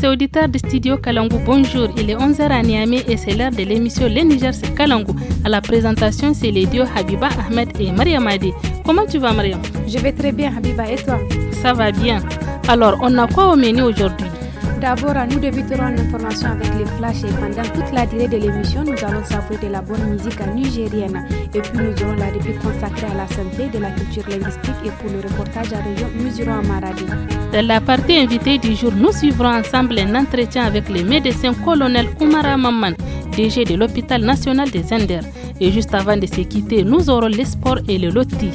C'est Auditeur de Studio Kalangu, bonjour. Il est 11h à Niamey et c'est l'heure de l'émission Les Niger, c'est Kalangu. À la présentation, c'est les dieux Habiba Ahmed et Mariam Comment tu vas, Mariam Je vais très bien, Habiba, et toi Ça va bien. Alors, on a quoi au menu aujourd'hui D'abord, nous débuterons l'information avec les flashs et pendant toute la durée de l'émission, nous allons savourer de la bonne musique nigérienne. Et puis nous aurons la rubrique consacrée à la santé, de la culture linguistique et pour le reportage à région, nous irons à Maradi. Dans la partie invitée du jour, nous suivrons ensemble un entretien avec le médecin colonel Oumara Maman, DG de l'hôpital national des Enders. Et juste avant de se quitter, nous aurons les sports et le lotis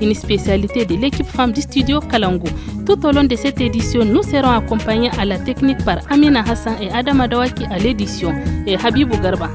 une spécialité de l'équipe femme du studio Kalangu. Tout au long de cette édition, nous serons accompagnés à la technique par Amina Hassan et Adam Adawaki à l'édition et Habibou Garba.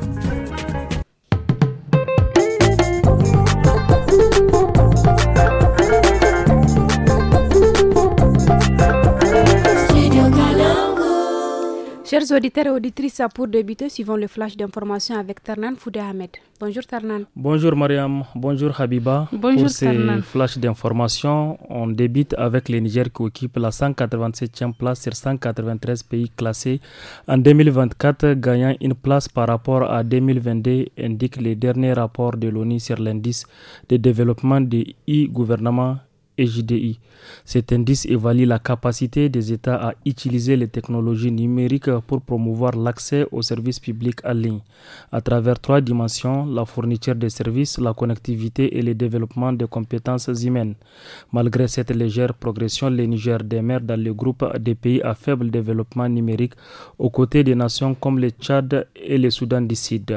Chers auditeurs et auditrices, pour débuter, suivant le flash d'information avec Tarnan Fouda Ahmed. Bonjour Tarnan. Bonjour Mariam, bonjour Habiba. Bonjour Pour ce flash d'information, on débute avec le Niger qui occupe la 187e place sur 193 pays classés en 2024, gagnant une place par rapport à 2022, indique le dernier rapport de l'ONU sur l'indice de développement des e-gouvernements jdi Cet indice évalue la capacité des États à utiliser les technologies numériques pour promouvoir l'accès aux services publics en ligne à travers trois dimensions, la fourniture des services, la connectivité et le développement des compétences humaines. Malgré cette légère progression, le Niger demeure dans le groupe des pays à faible développement numérique aux côtés des nations comme le Tchad et le Soudan du Sud.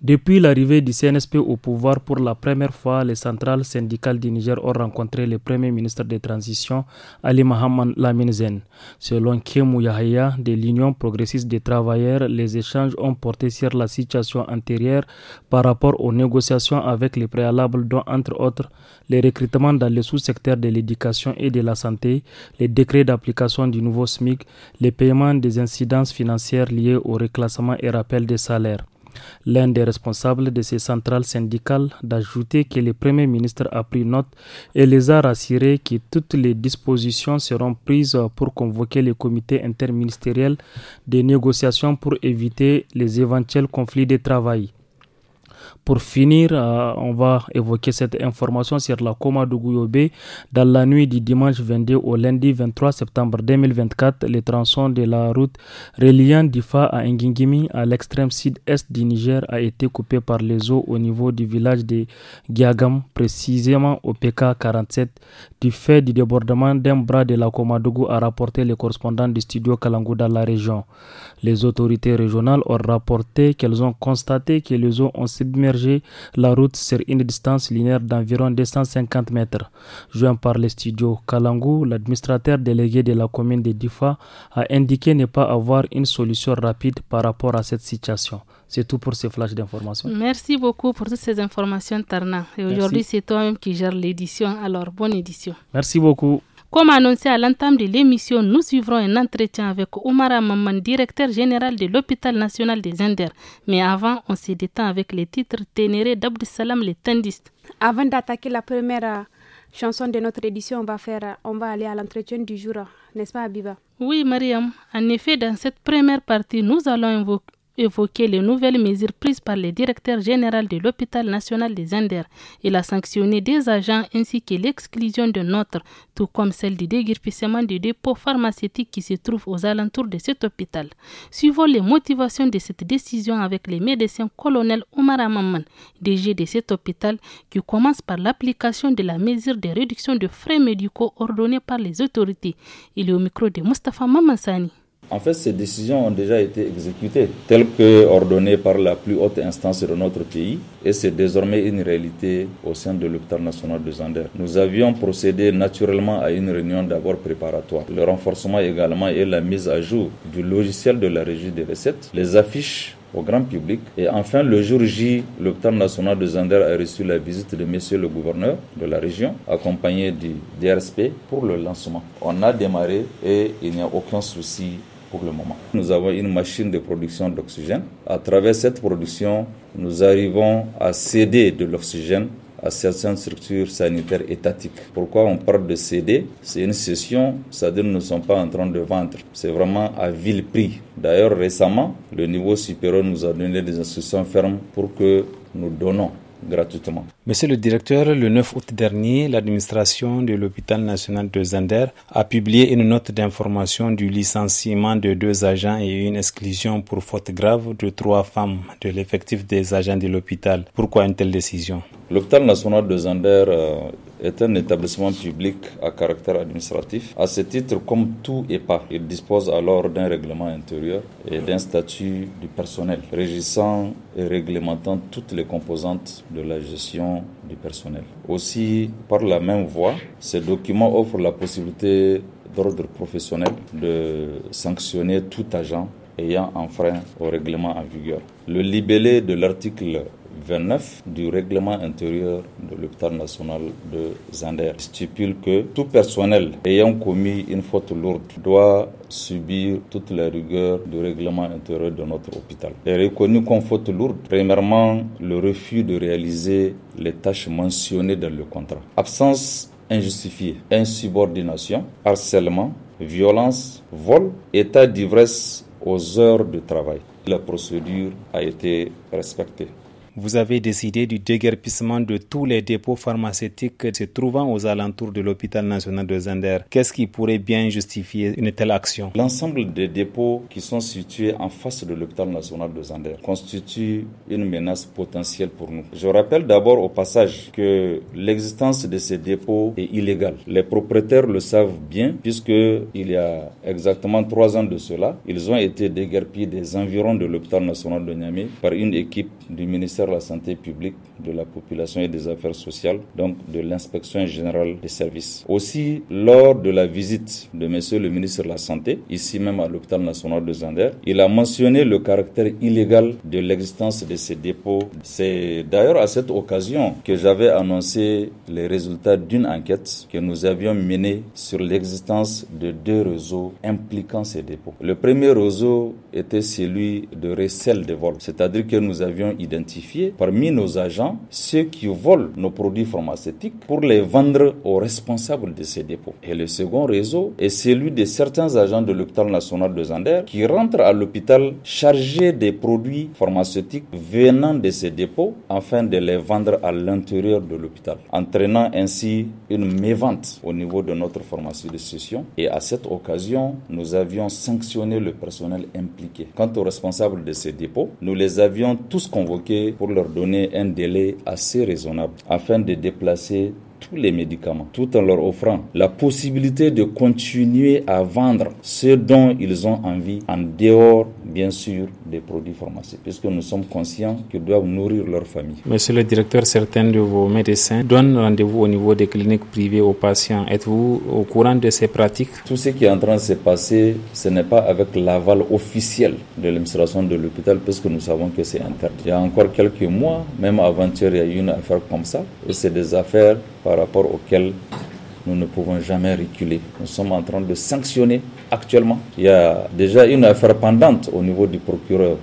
Depuis l'arrivée du CNSP au pouvoir pour la première fois, les centrales syndicales du Niger ont rencontré le premier ministre de transition, Ali Mohamed Laminzen. Selon Kemu Yahya de l'Union progressiste des travailleurs, les échanges ont porté sur la situation antérieure par rapport aux négociations avec les préalables, dont entre autres les recrutements dans le sous-secteur de l'éducation et de la santé, les décrets d'application du nouveau SMIC, les paiements des incidences financières liées au reclassement et rappel des salaires. L'un des responsables de ces centrales syndicales d'ajouter que le Premier ministre a pris note et les a rassurés que toutes les dispositions seront prises pour convoquer le comité interministériel des négociations pour éviter les éventuels conflits de travail. Pour finir, euh, on va évoquer cette information sur la coma de Dans la nuit du dimanche 22 au lundi 23 septembre 2024, les tronçons de la route reliant Difa à Ngingimi, à l'extrême sud-est du Niger, a été coupé par les eaux au niveau du village de Giagam, précisément au PK 47, du fait du débordement d'un bras de la Komadougou, a rapporté le correspondant du studio Kalangou dans la région. Les autorités régionales ont rapporté qu'elles ont constaté que les eaux ont submergé la route sur une distance linéaire d'environ 250 mètres. Joint par les studios Kalangu, l'administrateur délégué de la commune de Difa a indiqué ne pas avoir une solution rapide par rapport à cette situation. C'est tout pour ces flashs d'informations. Merci beaucoup pour toutes ces informations, Tarna. Et aujourd'hui, c'est toi-même qui gères l'édition. Alors, bonne édition. Merci beaucoup. Comme annoncé à l'entame de l'émission, nous suivrons un entretien avec Omar Amaman, directeur général de l'hôpital national des Inders. Mais avant, on se détend avec les titres ténérés Salam, les tendistes. Avant d'attaquer la première euh, chanson de notre édition, on va, faire, euh, on va aller à l'entretien du jour, n'est-ce pas Abiba Oui, Mariam. En effet, dans cette première partie, nous allons invoquer évoqué les nouvelles mesures prises par le directeur général de l'hôpital national des Anders. Il a sanctionné des agents ainsi que l'exclusion de autre, tout comme celle du déguerpissement des dépôt pharmaceutiques qui se trouve aux alentours de cet hôpital. Suivons les motivations de cette décision avec les médecins colonel Omar Amaman, DG de cet hôpital, qui commence par l'application de la mesure de réduction de frais médicaux ordonnée par les autorités. Il est au micro de Mustafa Mamansani. En fait, ces décisions ont déjà été exécutées, telles que ordonnées par la plus haute instance de notre pays, et c'est désormais une réalité au sein de l'hôpital national de Zander. Nous avions procédé naturellement à une réunion d'abord préparatoire, le renforcement également et la mise à jour du logiciel de la régie des recettes, les affiches au grand public. Et enfin, le jour J, l'hôpital national de Zander a reçu la visite de monsieur le gouverneur de la région, accompagné du DRSP, pour le lancement. On a démarré et il n'y a aucun souci pour le moment. Nous avons une machine de production d'oxygène. À travers cette production, nous arrivons à céder de l'oxygène à certaines structures sanitaires étatiques. Pourquoi on parle de céder C'est une session, c'est-à-dire nous ne sommes pas en train de vendre. C'est vraiment à vil prix. D'ailleurs, récemment, le niveau supérieur nous a donné des instructions fermes pour que nous donnons gratuitement. Monsieur le directeur, le 9 août dernier, l'administration de l'hôpital national de Zander a publié une note d'information du licenciement de deux agents et une exclusion pour faute grave de trois femmes de l'effectif des agents de l'hôpital. Pourquoi une telle décision L'hôpital national de Zander euh, est un établissement public à caractère administratif. À ce titre, comme tout pas, il dispose alors d'un règlement intérieur et d'un statut du personnel régissant et réglementant toutes les composantes de la gestion du personnel. Aussi, par la même voie, ces documents offre la possibilité d'ordre professionnel de sanctionner tout agent ayant enfreint au règlement en vigueur. Le libellé de l'article 29 du règlement intérieur de l'hôpital national de Zander stipule que tout personnel ayant commis une faute lourde doit subir toutes les rigueurs du règlement intérieur de notre hôpital. Est reconnu comme faute lourde, premièrement, le refus de réaliser les tâches mentionnées dans le contrat. Absence injustifiée, insubordination, harcèlement, violence, vol, état d'ivresse aux heures de travail. La procédure a été respectée vous avez décidé du déguerpissement de tous les dépôts pharmaceutiques se trouvant aux alentours de l'hôpital national de Zander. Qu'est-ce qui pourrait bien justifier une telle action L'ensemble des dépôts qui sont situés en face de l'hôpital national de Zander constitue une menace potentielle pour nous. Je rappelle d'abord au passage que l'existence de ces dépôts est illégale. Les propriétaires le savent bien puisque il y a exactement trois ans de cela, ils ont été déguerpis des environs de l'hôpital national de Niamey par une équipe du ministère la Santé publique, de la population et des affaires sociales, donc de l'inspection générale des services. Aussi, lors de la visite de monsieur le ministre de la Santé, ici même à l'hôpital national de Zander, il a mentionné le caractère illégal de l'existence de ces dépôts. C'est d'ailleurs à cette occasion que j'avais annoncé les résultats d'une enquête que nous avions menée sur l'existence de deux réseaux impliquant ces dépôts. Le premier réseau était celui de recel de vol, c'est-à-dire que nous avions identifié parmi nos agents ceux qui volent nos produits pharmaceutiques pour les vendre aux responsables de ces dépôts. Et le second réseau est celui de certains agents de l'hôpital national de Zander qui rentrent à l'hôpital chargés des produits pharmaceutiques venant de ces dépôts afin de les vendre à l'intérieur de l'hôpital, entraînant ainsi une mévente au niveau de notre pharmacie de session. Et à cette occasion, nous avions sanctionné le personnel impliqué. Quant aux responsables de ces dépôts, nous les avions tous convoqués pour leur donner un délai assez raisonnable afin de déplacer tous les médicaments, tout en leur offrant la possibilité de continuer à vendre ce dont ils ont envie, en dehors, bien sûr, des produits pharmaceutiques, puisque nous sommes conscients qu'ils doivent nourrir leur famille. Monsieur le directeur, certains de vos médecins donnent rendez-vous au niveau des cliniques privées aux patients. Êtes-vous au courant de ces pratiques Tout ce qui est en train de se passer, ce n'est pas avec l'aval officiel de l'administration de l'hôpital, puisque nous savons que c'est interdit. Il y a encore quelques mois, même avant-hier, il y a eu une affaire comme ça, et c'est des affaires par rapport auquel nous ne pouvons jamais reculer. Nous sommes en train de sanctionner actuellement. Il y a déjà une affaire pendante au niveau du procureur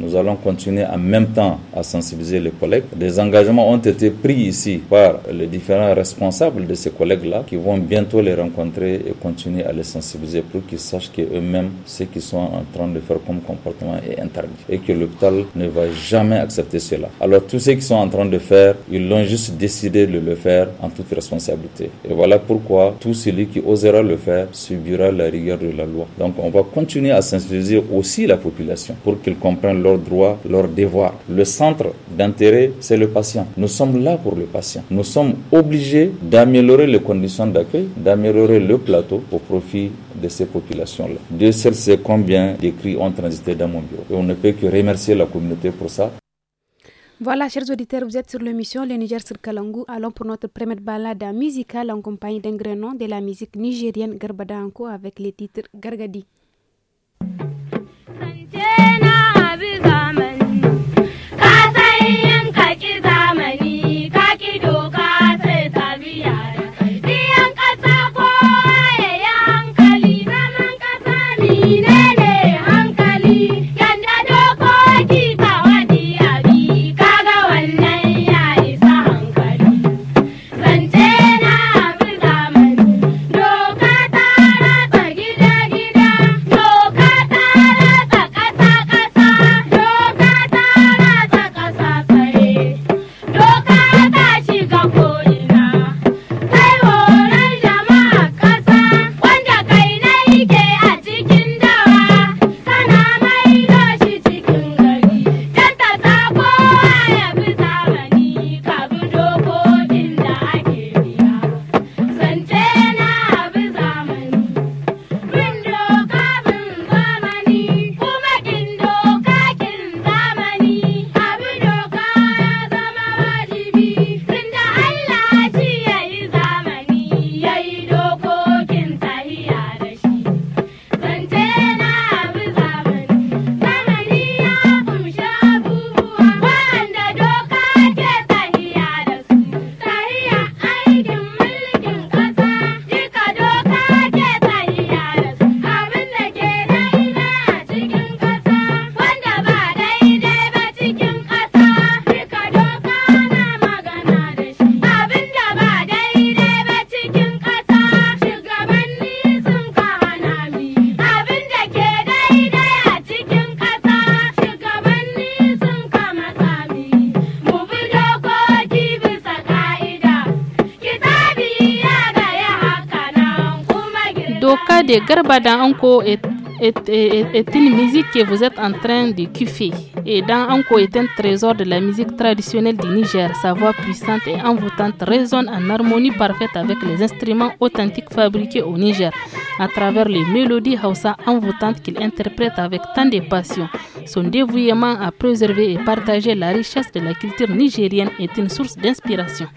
nous allons continuer en même temps à sensibiliser les collègues. Des engagements ont été pris ici par les différents responsables de ces collègues-là qui vont bientôt les rencontrer et continuer à les sensibiliser pour qu'ils sachent qu'eux-mêmes, ce qu'ils sont en train de faire comme comportement est interdit et que l'hôpital ne va jamais accepter cela. Alors tous ceux qui sont en train de faire, ils l'ont juste décidé de le faire en toute responsabilité. Et voilà pourquoi tout celui qui osera le faire subira la rigueur de la loi. Donc on va continuer à sensibiliser aussi la population pour que comprennent leurs droits, leurs devoirs. Le centre d'intérêt, c'est le patient. Nous sommes là pour le patient. Nous sommes obligés d'améliorer les conditions d'accueil, d'améliorer le plateau au profit de ces populations-là. Deux celles combien d'écrits ont transité dans mon bureau. Et on ne peut que remercier la communauté pour ça. Voilà, chers auditeurs, vous êtes sur l'émission Le Niger sur Kalangou. Allons pour notre première balade musicale en compagnie d'un grenon de la musique nigérienne Garbada Anko avec les titres Gargadi. 哎。Garba dans Anko est, une musique que vous êtes en train de kiffer. Et dans Anko est un trésor de la musique traditionnelle du Niger. Sa voix puissante et envoûtante résonne en harmonie parfaite avec les instruments authentiques fabriqués au Niger à travers les mélodies Hausa envoûtantes qu'il interprète avec tant de passion. Son dévouement à préserver et partager la richesse de la culture nigérienne est une source d'inspiration.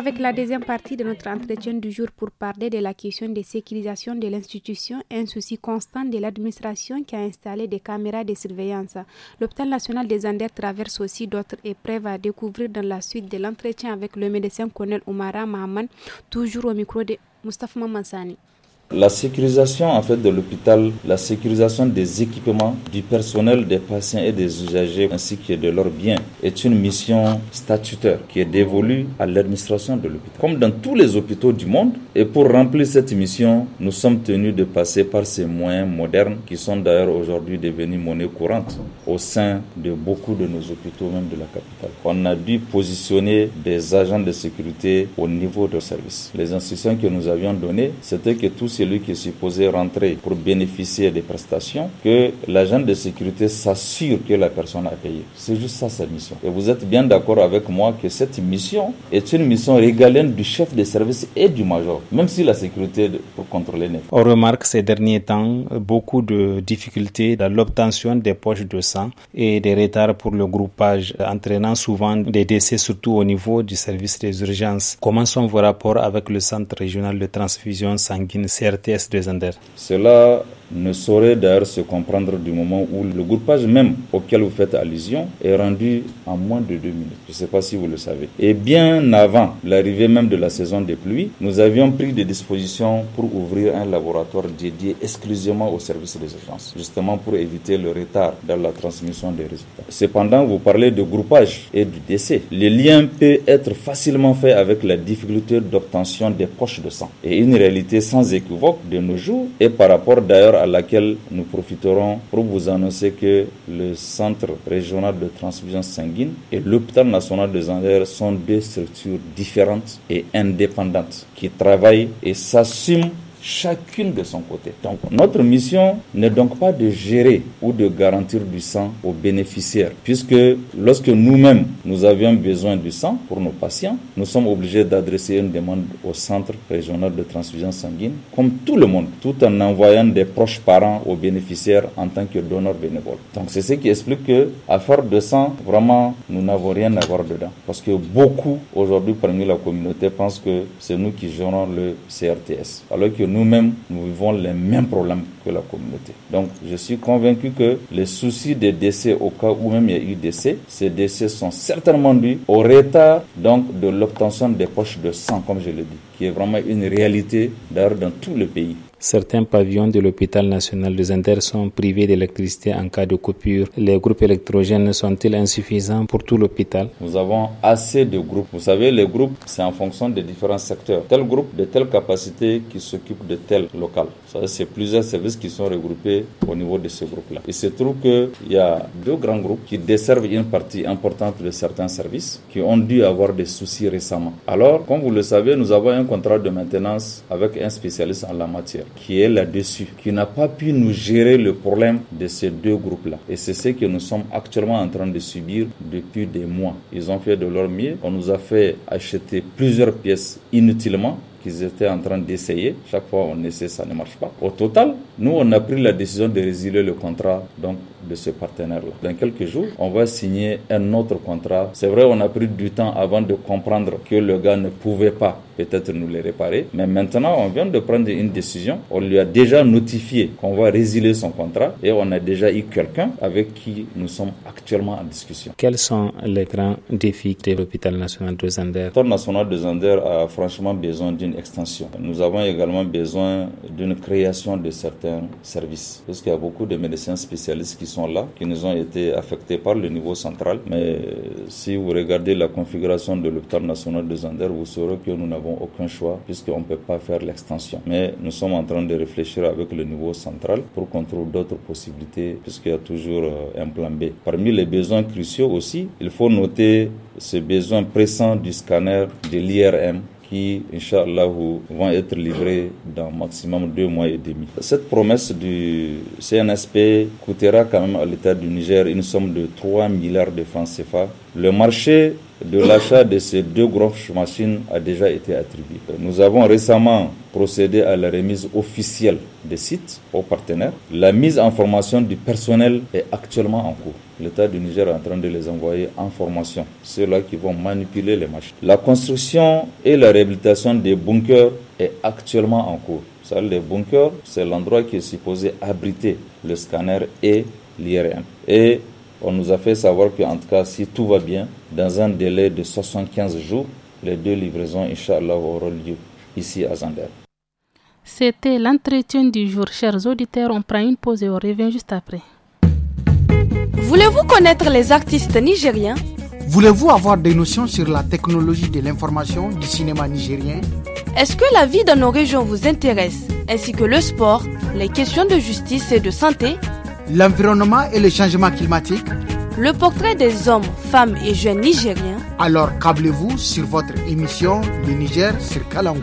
avec la deuxième partie de notre entretien du jour pour parler de la question de sécurisation de l'institution un souci constant de l'administration qui a installé des caméras de surveillance. L'hôpital national des Andes traverse aussi d'autres épreuves à découvrir dans la suite de l'entretien avec le médecin colonel Oumara Mahaman, toujours au micro de Mustafa Mansani. La sécurisation en fait de l'hôpital, la sécurisation des équipements, du personnel, des patients et des usagers ainsi que de leurs biens est une mission statutaire qui est dévolue à l'administration de l'hôpital. Comme dans tous les hôpitaux du monde, et pour remplir cette mission, nous sommes tenus de passer par ces moyens modernes qui sont d'ailleurs aujourd'hui devenus monnaie courante au sein de beaucoup de nos hôpitaux, même de la capitale. On a dû positionner des agents de sécurité au niveau de service. Les instructions que nous avions données, c'était que tous celui qui est supposé rentrer pour bénéficier des prestations, que l'agent de sécurité s'assure que la personne a payé. C'est juste ça sa mission. Et vous êtes bien d'accord avec moi que cette mission est une mission régalienne du chef des services et du major, même si la sécurité pour contrôler les. On remarque ces derniers temps beaucoup de difficultés dans l'obtention des poches de sang et des retards pour le groupage, entraînant souvent des décès, surtout au niveau du service des urgences. Comment sont vos rapports avec le Centre régional de transfusion sanguine RTS 2 Zender. Cela ne saurait d'ailleurs se comprendre du moment où le groupage même auquel vous faites allusion est rendu en moins de deux minutes. Je ne sais pas si vous le savez. Et bien avant l'arrivée même de la saison des pluies, nous avions pris des dispositions pour ouvrir un laboratoire dédié exclusivement au service des urgences, justement pour éviter le retard dans la transmission des résultats. Cependant, vous parlez de groupage et du décès. Le lien peut être facilement fait avec la difficulté d'obtention des poches de sang. Et une réalité sans équivoque de nos jours, est par rapport d'ailleurs à laquelle nous profiterons pour vous annoncer que le Centre régional de transfusion sanguine et l'hôpital national de Zander sont deux structures différentes et indépendantes qui travaillent et s'assument chacune de son côté. Donc notre mission n'est donc pas de gérer ou de garantir du sang aux bénéficiaires, puisque lorsque nous-mêmes nous avions besoin du sang pour nos patients, nous sommes obligés d'adresser une demande au Centre régional de transfusion sanguine, comme tout le monde, tout en envoyant des proches parents aux bénéficiaires en tant que donneurs bénévoles. Donc c'est ce qui explique que force de sang, vraiment, nous n'avons rien à voir dedans, parce que beaucoup aujourd'hui parmi la communauté pensent que c'est nous qui gérons le CRTS, alors que nous-mêmes, nous vivons les mêmes problèmes que la communauté. Donc, je suis convaincu que les soucis des décès au cas où même il y a eu décès, ces décès sont certainement dus au retard donc de l'obtention des poches de sang, comme je le dis, qui est vraiment une réalité d'ailleurs dans tout le pays. Certains pavillons de l'hôpital national de Zender sont privés d'électricité en cas de coupure. Les groupes électrogènes sont-ils insuffisants pour tout l'hôpital Nous avons assez de groupes. Vous savez, les groupes, c'est en fonction des différents secteurs. Tel groupe de telle capacité qui s'occupe de tel local. C'est plusieurs services qui sont regroupés au niveau de ce groupe-là. Il se trouve qu'il y a deux grands groupes qui desservent une partie importante de certains services qui ont dû avoir des soucis récemment. Alors, comme vous le savez, nous avons un contrat de maintenance avec un spécialiste en la matière qui est là-dessus, qui n'a pas pu nous gérer le problème de ces deux groupes-là. Et c'est ce que nous sommes actuellement en train de subir depuis des mois. Ils ont fait de leur mieux. On nous a fait acheter plusieurs pièces inutilement qu'ils étaient en train d'essayer. Chaque fois, on essaie, ça ne marche pas. Au total, nous, on a pris la décision de résilier le contrat donc, de ce partenaire-là. Dans quelques jours, on va signer un autre contrat. C'est vrai, on a pris du temps avant de comprendre que le gars ne pouvait pas peut-être nous les réparer. Mais maintenant, on vient de prendre une décision. On lui a déjà notifié qu'on va résilier son contrat et on a déjà eu quelqu'un avec qui nous sommes actuellement en discussion. Quels sont les grands défis de l'hôpital national de Zander L'hôpital national de Zander a franchement besoin d'une extension. Nous avons également besoin d'une création de certains service Parce qu'il y a beaucoup de médecins spécialistes qui sont là, qui nous ont été affectés par le niveau central. Mais euh, si vous regardez la configuration de l'hôpital national de Zander, vous saurez que nous n'avons aucun choix puisqu'on ne peut pas faire l'extension. Mais nous sommes en train de réfléchir avec le niveau central pour contrôler d'autres possibilités puisqu'il y a toujours euh, un plan B. Parmi les besoins cruciaux aussi, il faut noter ce besoin pressant du scanner de l'IRM qui, Inch'Allah, vont être livrés dans maximum deux mois et demi. Cette promesse du CNSP coûtera quand même à l'État du Niger une somme de 3 milliards de francs CFA. Le marché de l'achat de ces deux grosses machines a déjà été attribué. Nous avons récemment procéder à la remise officielle des sites aux partenaires. La mise en formation du personnel est actuellement en cours. L'État du Niger est en train de les envoyer en formation, ceux-là qui vont manipuler les machines. La construction et la réhabilitation des bunkers est actuellement en cours. Ça, les bunkers, c'est l'endroit qui est supposé abriter le scanner et l'IRM. Et on nous a fait savoir qu'en tout cas, si tout va bien, dans un délai de 75 jours, les deux livraisons, Inch'Allah, auront lieu ici à Zander. C'était l'entretien du jour. Chers auditeurs, on prend une pause et on revient juste après. Voulez-vous connaître les artistes nigériens Voulez-vous avoir des notions sur la technologie de l'information du cinéma nigérien Est-ce que la vie dans nos régions vous intéresse, ainsi que le sport, les questions de justice et de santé L'environnement et le changement climatique Le portrait des hommes, femmes et jeunes nigériens Alors câblez-vous sur votre émission du Niger sur Kalangou.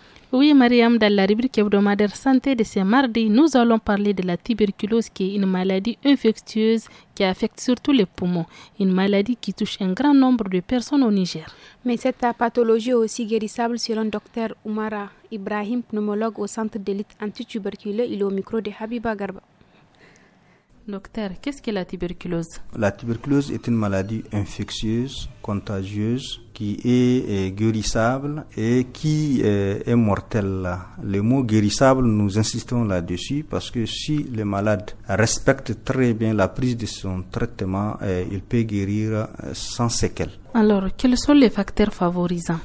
Oui, Mariam, dans la rubrique hebdomadaire santé de ce mardi, nous allons parler de la tuberculose qui est une maladie infectieuse qui affecte surtout les poumons, une maladie qui touche un grand nombre de personnes au Niger. Mais cette pathologie est aussi guérissable selon docteur Oumara Ibrahim, pneumologue au centre d'élite antituberculeux. Il est au micro de Habiba Garba. Docteur, qu'est-ce que la tuberculose La tuberculose est une maladie infectieuse, contagieuse qui est, euh, guérissable et qui est, euh, est mortel. Le mot guérissable, nous insistons là-dessus parce que si le malade respecte très bien la prise de son traitement, euh, il peut guérir sans séquelles. Alors, quels sont les facteurs favorisants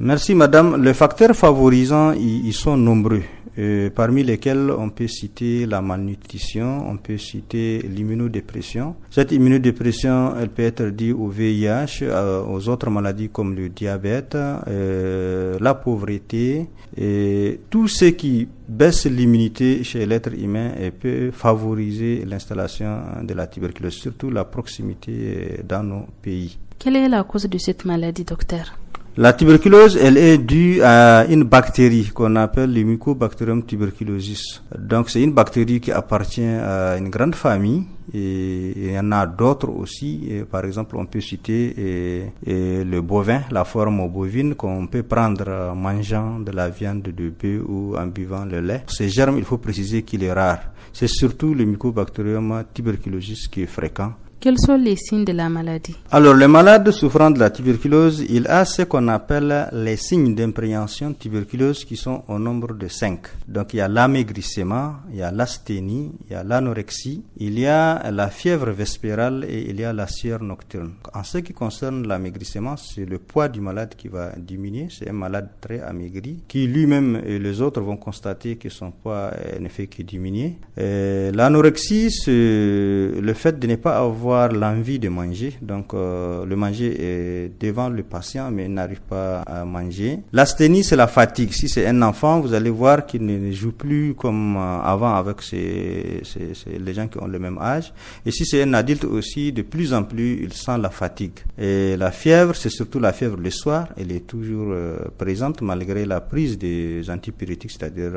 Merci madame. Les facteurs favorisants, ils sont nombreux. Euh, parmi lesquels on peut citer la malnutrition, on peut citer l'immunodépression. Cette immunodépression, elle peut être due au VIH, euh, aux autres maladies comme le diabète, euh, la pauvreté et tout ce qui baisse l'immunité chez l'être humain et peut favoriser l'installation de la tuberculose, surtout la proximité dans nos pays. Quelle est la cause de cette maladie, docteur la tuberculose, elle est due à une bactérie qu'on appelle le Mycobacterium tuberculosis. Donc c'est une bactérie qui appartient à une grande famille et il y en a d'autres aussi. par exemple, on peut citer le bovin, la forme bovine qu'on peut prendre en mangeant de la viande de bœuf ou en buvant le lait. Ces germes, il faut préciser qu'il est rare. C'est surtout le Mycobacterium tuberculosis qui est fréquent quels sont les signes de la maladie Alors, le malade souffrant de la tuberculose, il a ce qu'on appelle les signes d'impréhension tuberculeuse qui sont au nombre de 5. Donc, il y a l'amaigrissement, il y a l'asthénie, il y a l'anorexie, il y a la fièvre vespérale et il y a la sueur nocturne. En ce qui concerne l'amaigrissement, c'est le poids du malade qui va diminuer. C'est un malade très amaigri qui lui-même et les autres vont constater que son poids ne fait que diminuer. Euh, l'anorexie, c'est le fait de ne pas avoir l'envie de manger. Donc, euh, le manger est devant le patient, mais il n'arrive pas à manger. L'asthénie, c'est la fatigue. Si c'est un enfant, vous allez voir qu'il ne joue plus comme euh, avant avec les gens qui ont le même âge. Et si c'est un adulte aussi, de plus en plus, il sent la fatigue. Et la fièvre, c'est surtout la fièvre le soir. Elle est toujours euh, présente malgré la prise des antipyrétiques, c'est-à-dire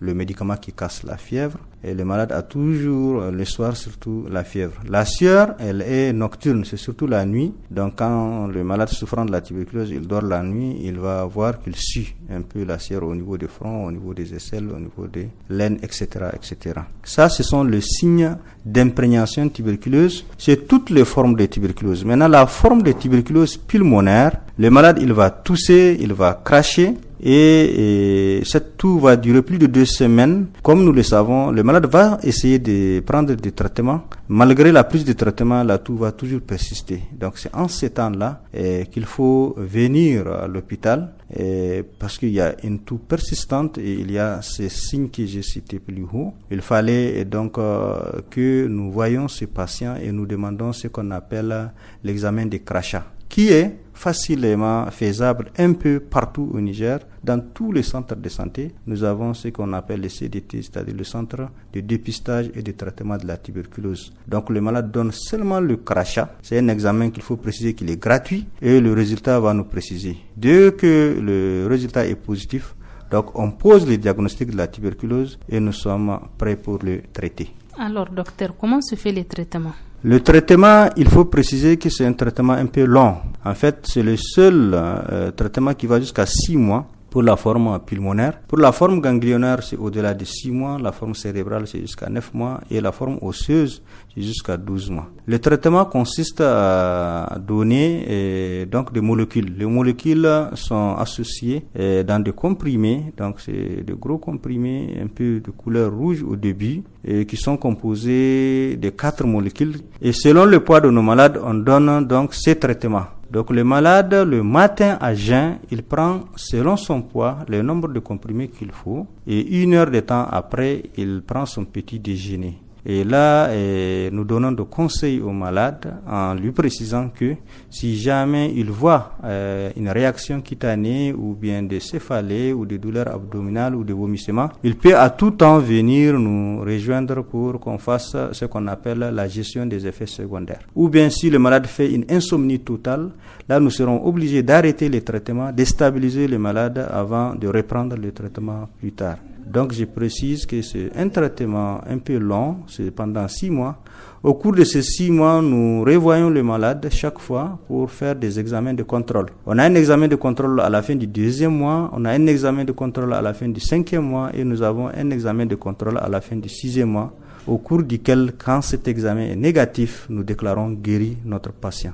le médicament qui casse la fièvre. Et le malade a toujours, le soir surtout, la fièvre. La sueur, elle est nocturne, c'est surtout la nuit. Donc quand le malade souffrant de la tuberculose, il dort la nuit, il va voir qu'il sue un peu la cire au niveau des front, au niveau des aisselles, au niveau des laines, etc. etc. Ça, ce sont les signes d'imprégnation tuberculeuse. C'est toutes les formes de tuberculose. Maintenant, la forme de tuberculose pulmonaire, le malade, il va tousser, il va cracher, et, cette toux va durer plus de deux semaines. Comme nous le savons, le malade va essayer de prendre des traitements. Malgré la prise de traitement, la toux va toujours persister. Donc c'est en ces temps-là eh, qu'il faut venir à l'hôpital eh, parce qu'il y a une toux persistante et il y a ces signes que j'ai cités plus haut. Il fallait eh, donc euh, que nous voyions ces patients et nous demandons ce qu'on appelle l'examen des crachats qui est facilement faisable un peu partout au Niger. Dans tous les centres de santé, nous avons ce qu'on appelle les CDT, c'est-à-dire le centre de dépistage et de traitement de la tuberculose. Donc le malade donne seulement le crachat. C'est un examen qu'il faut préciser qu'il est gratuit et le résultat va nous préciser. Dès que le résultat est positif, donc on pose le diagnostic de la tuberculose et nous sommes prêts pour le traiter. Alors, docteur, comment se fait le traitement Le traitement, il faut préciser que c'est un traitement un peu long. En fait, c'est le seul euh, traitement qui va jusqu'à six mois pour la forme pulmonaire. Pour la forme ganglionnaire, c'est au-delà de 6 mois, la forme cérébrale, c'est jusqu'à 9 mois, et la forme osseuse, c'est jusqu'à 12 mois. Le traitement consiste à donner euh, donc des molécules. Les molécules sont associées euh, dans des comprimés, donc c'est des gros comprimés un peu de couleur rouge au début, et euh, qui sont composés de quatre molécules. Et selon le poids de nos malades, on donne donc ces traitements. Donc le malade, le matin à jeun, il prend selon son poids le nombre de comprimés qu'il faut et une heure de temps après, il prend son petit déjeuner. Et là, eh, nous donnons des conseils au malades en lui précisant que si jamais il voit eh, une réaction cutanée ou bien des céphalées ou des douleurs abdominales ou des vomissements, il peut à tout temps venir nous rejoindre pour qu'on fasse ce qu'on appelle la gestion des effets secondaires. Ou bien si le malade fait une insomnie totale, là nous serons obligés d'arrêter les traitements, d'estabiliser le malade avant de reprendre le traitement plus tard. Donc je précise que c'est un traitement un peu long, c'est pendant six mois. Au cours de ces six mois, nous revoyons le malade chaque fois pour faire des examens de contrôle. On a un examen de contrôle à la fin du deuxième mois, on a un examen de contrôle à la fin du cinquième mois et nous avons un examen de contrôle à la fin du sixième mois, au cours duquel, quand cet examen est négatif, nous déclarons guéri notre patient.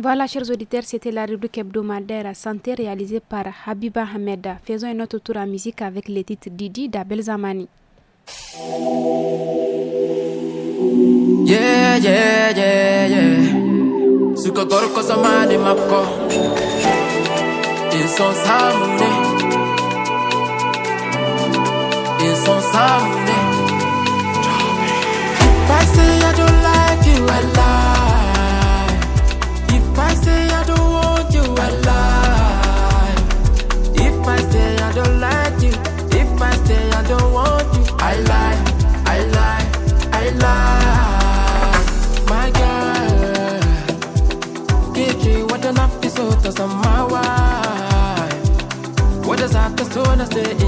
Voilà, chers auditeurs, c'était la rubrique hebdomadaire à santé réalisée par Habiba Hameda. Faisons un autre tour en musique avec les titres Didi d'Abel Zamani. Yeah, yeah, yeah, yeah. Suka gorko zamani mako. Ils sont samnés. Ils sont samnés. I don't like you, I focus on my wife. What just happens to us the inch?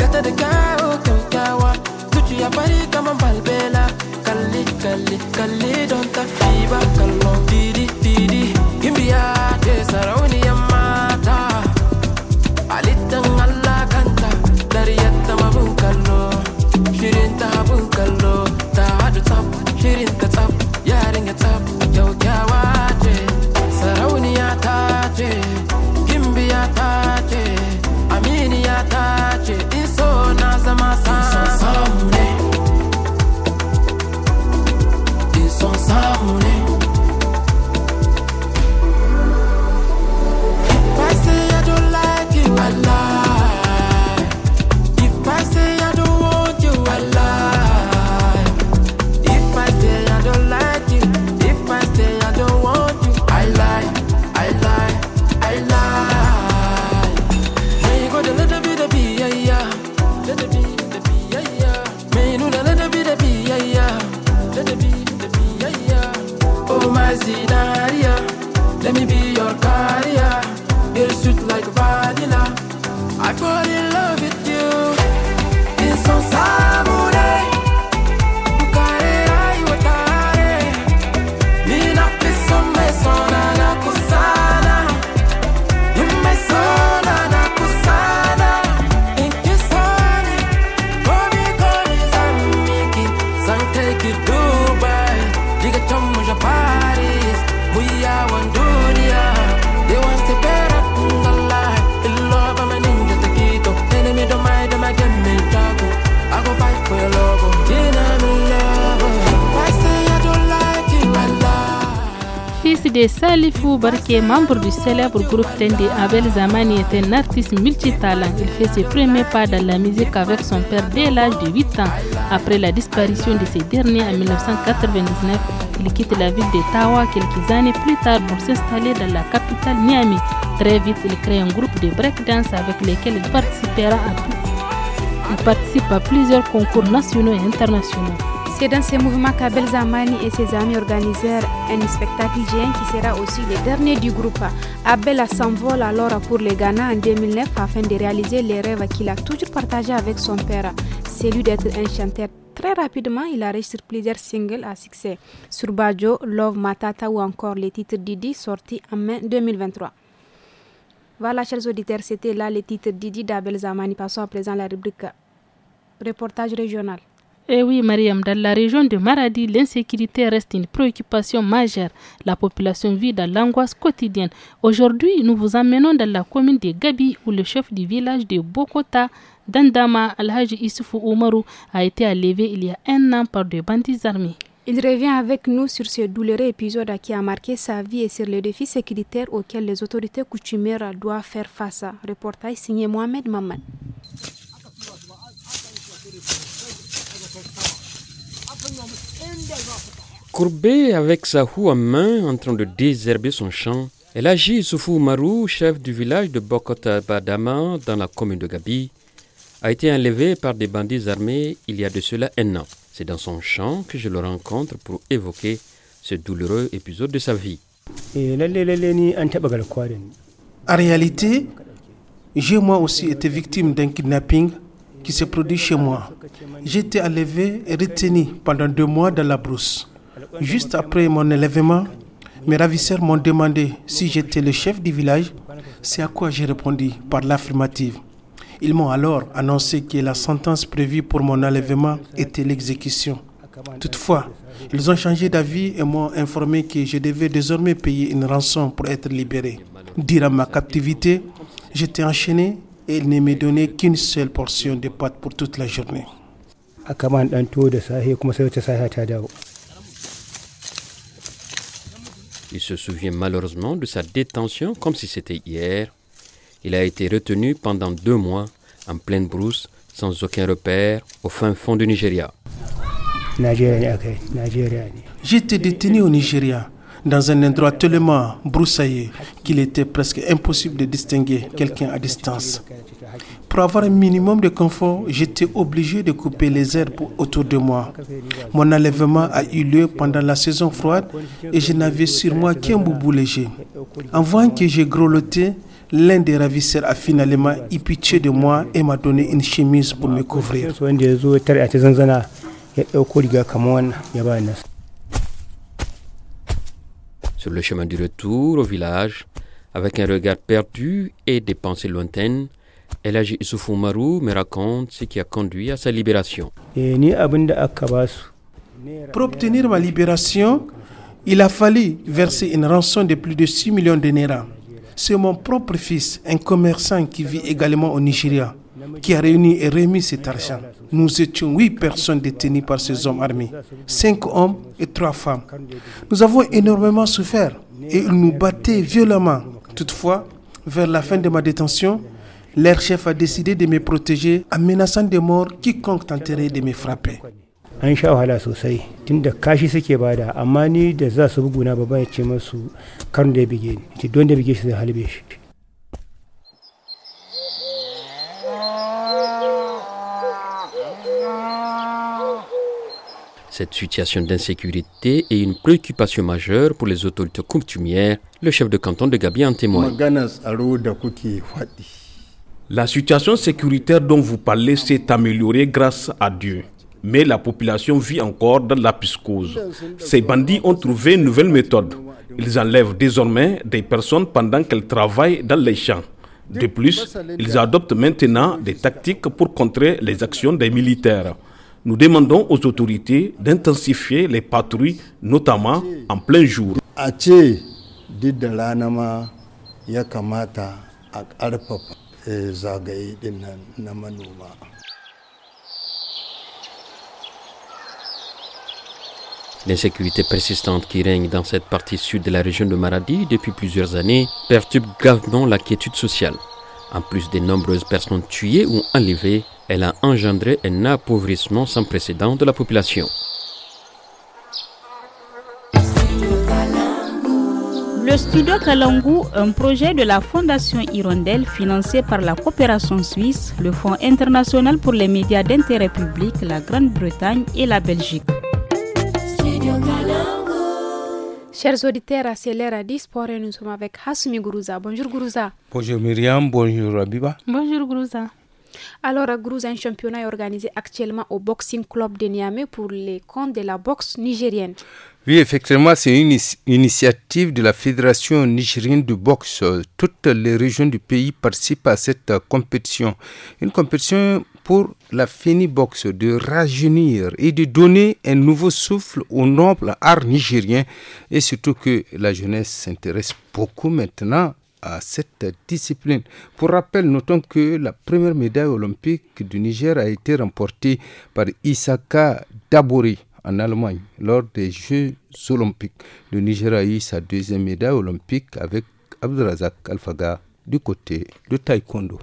Kata da kawo kyakkyawa, zuciya fari kamar balbela. didi, didi. Gimbiya ce Bar, qui membre du célèbre groupe Tende Abel Zamani, est un artiste multitalent. Il fait ses premiers pas dans la musique avec son père dès l'âge de 8 ans. Après la disparition de ces derniers en 1999, il quitte la ville de Tawa quelques années plus tard pour s'installer dans la capitale Niamey. Très vite, il crée un groupe de breakdance avec lequel il participera à, il participe à plusieurs concours nationaux et internationaux. C'est dans ces mouvements qu'Abel Zamani et ses amis organisèrent un spectacle géant qui sera aussi le dernier du groupe. Abel s'envole alors pour le Ghana en 2009 afin de réaliser les rêves qu'il a toujours partagés avec son père, celui d'être un chanteur Très rapidement, il a reçu plusieurs singles à succès. Sur Bajo, Love Matata ou encore les titres Didi sortis en mai 2023. Voilà, chers auditeurs, c'était là les titres Didi d'Abel Zamani. Passons à présent la rubrique Reportage régional. Eh oui, Mariam, dans la région de Maradi, l'insécurité reste une préoccupation majeure. La population vit dans l'angoisse quotidienne. Aujourd'hui, nous vous emmenons dans la commune de Gabi, où le chef du village de Bokota, Dandama, Alhaji Issoufou Oumarou, a été enlevé il y a un an par des bandits armés. Il revient avec nous sur ce douloureux épisode qui a marqué sa vie et sur les défis sécuritaires auxquels les autorités coutumières doivent faire face. Reportage signé Mohamed Mamad. Courbé avec sa houe en main, en train de désherber son champ, El agit Soufou Marou, chef du village de Bokota Badama, dans la commune de Gabi, a été enlevé par des bandits armés il y a de cela un an. C'est dans son champ que je le rencontre pour évoquer ce douloureux épisode de sa vie. Eh, en réalité, j'ai moi aussi été victime d'un kidnapping qui s'est produit chez moi. J'ai été enlevé et retenu pendant deux mois dans la brousse. Juste après mon enlèvement, mes ravisseurs m'ont demandé si j'étais le chef du village, c'est à quoi j'ai répondu par l'affirmative. Ils m'ont alors annoncé que la sentence prévue pour mon enlèvement était l'exécution. Toutefois, ils ont changé d'avis et m'ont informé que je devais désormais payer une rançon pour être libéré. Durant ma captivité, j'étais enchaîné et ils ne me donnaient qu'une seule portion de pâtes pour toute la journée. Il se souvient malheureusement de sa détention comme si c'était hier. Il a été retenu pendant deux mois en pleine brousse, sans aucun repère, au fin fond du Nigeria. J'étais détenu au Nigeria dans un endroit tellement broussaillé qu'il était presque impossible de distinguer quelqu'un à distance. Pour avoir un minimum de confort, j'étais obligé de couper les herbes autour de moi. Mon enlèvement a eu lieu pendant la saison froide et je n'avais sur moi qu'un boubou léger. En voyant que j'ai grelotté, l'un des ravisseurs a finalement eu pitié de moi et m'a donné une chemise pour me couvrir sur le chemin du retour au village, avec un regard perdu et des pensées lointaines, Elhaji Issoufou Marou me raconte ce qui a conduit à sa libération. Pour obtenir ma libération, il a fallu verser une rançon de plus de 6 millions de C'est mon propre fils, un commerçant qui vit également au Nigeria qui a réuni et remis cet argent. Nous étions huit personnes détenues par ces hommes armés, cinq hommes et trois femmes. Nous avons énormément souffert et ils nous battaient violemment. Toutefois, vers la fin de ma détention, leur chef a décidé de me protéger en menaçant de mort quiconque tenterait de me frapper. Cette situation d'insécurité est une préoccupation majeure pour les autorités coutumières. Le chef de canton de Gabi en témoigne. La situation sécuritaire dont vous parlez s'est améliorée grâce à Dieu mais la population vit encore dans la piscose. Ces bandits ont trouvé une nouvelle méthode. Ils enlèvent désormais des personnes pendant qu'elles travaillent dans les champs. De plus, ils adoptent maintenant des tactiques pour contrer les actions des militaires nous demandons aux autorités d'intensifier les patrouilles, notamment en plein jour. E L'insécurité persistante qui règne dans cette partie sud de la région de Maradi depuis plusieurs années perturbe gravement la quiétude sociale. En plus des nombreuses personnes tuées ou enlevées, elle a engendré un appauvrissement sans précédent de la population. Le studio Kalangu, un projet de la Fondation Hirondelle financé par la coopération suisse, le Fonds international pour les médias d'intérêt public, la Grande-Bretagne et la Belgique. Chers auditeurs, c'est à 10 et nous sommes avec Hasumi Gourouza. Bonjour Gourouza. Bonjour Myriam, bonjour Abiba. Bonjour Gourouza. Alors, à un championnat est organisé actuellement au Boxing Club de Niamey pour les comptes de la boxe nigérienne. Oui, effectivement, c'est une initiative de la Fédération nigérienne de boxe. Toutes les régions du pays participent à cette compétition. Une compétition pour la boxe, de rajeunir et de donner un nouveau souffle au noble art nigérien et surtout que la jeunesse s'intéresse beaucoup maintenant à cette discipline. Pour rappel, notons que la première médaille olympique du Niger a été remportée par Isaka Dabori en Allemagne lors des Jeux olympiques. Le Niger a eu sa deuxième médaille olympique avec Abdrazak Alfaga du côté de Taekwondo.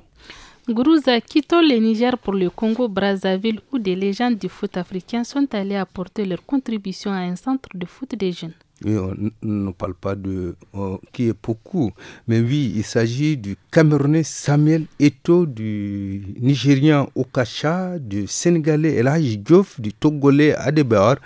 Guruza quittons le Niger pour le Congo-Brazzaville où des légendes du foot africain sont allées apporter leur contribution à un centre de foot des jeunes on ne parle pas de qui est beaucoup, mais oui, il s'agit du Camerounais Samuel Eto, du Nigérian Okacha, du Sénégalais Elhaj Diouf, du Togolais Adebar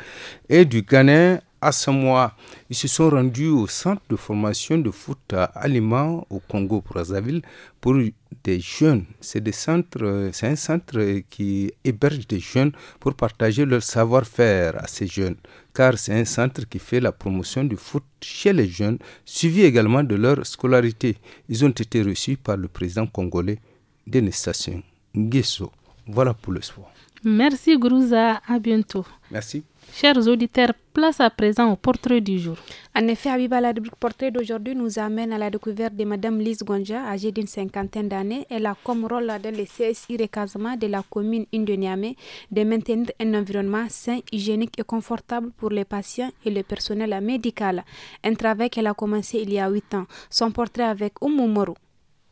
et du Ghanéen Asamoa. Ils se sont rendus au centre de formation de foot à Alima, au Congo-Brazzaville, pour des jeunes. C'est centres, c'est un centre qui héberge des jeunes pour partager leur savoir-faire à ces jeunes car c'est un centre qui fait la promotion du foot chez les jeunes, suivi également de leur scolarité. Ils ont été reçus par le président congolais Denis Sassou Nguesso. Voilà pour le sport. Merci Grouza, à bientôt. Merci. Chers auditeurs, place à présent au portrait du jour. En effet, Abiba, la rubrique portrait d'aujourd'hui nous amène à la découverte de Mme Lise Gonja, âgée d'une cinquantaine d'années. Elle a comme rôle dans les CSI recasement de la commune Indoniame de maintenir un environnement sain, hygiénique et confortable pour les patients et le personnel médical. Un travail qu'elle a commencé il y a huit ans. Son portrait avec Oumou Moro.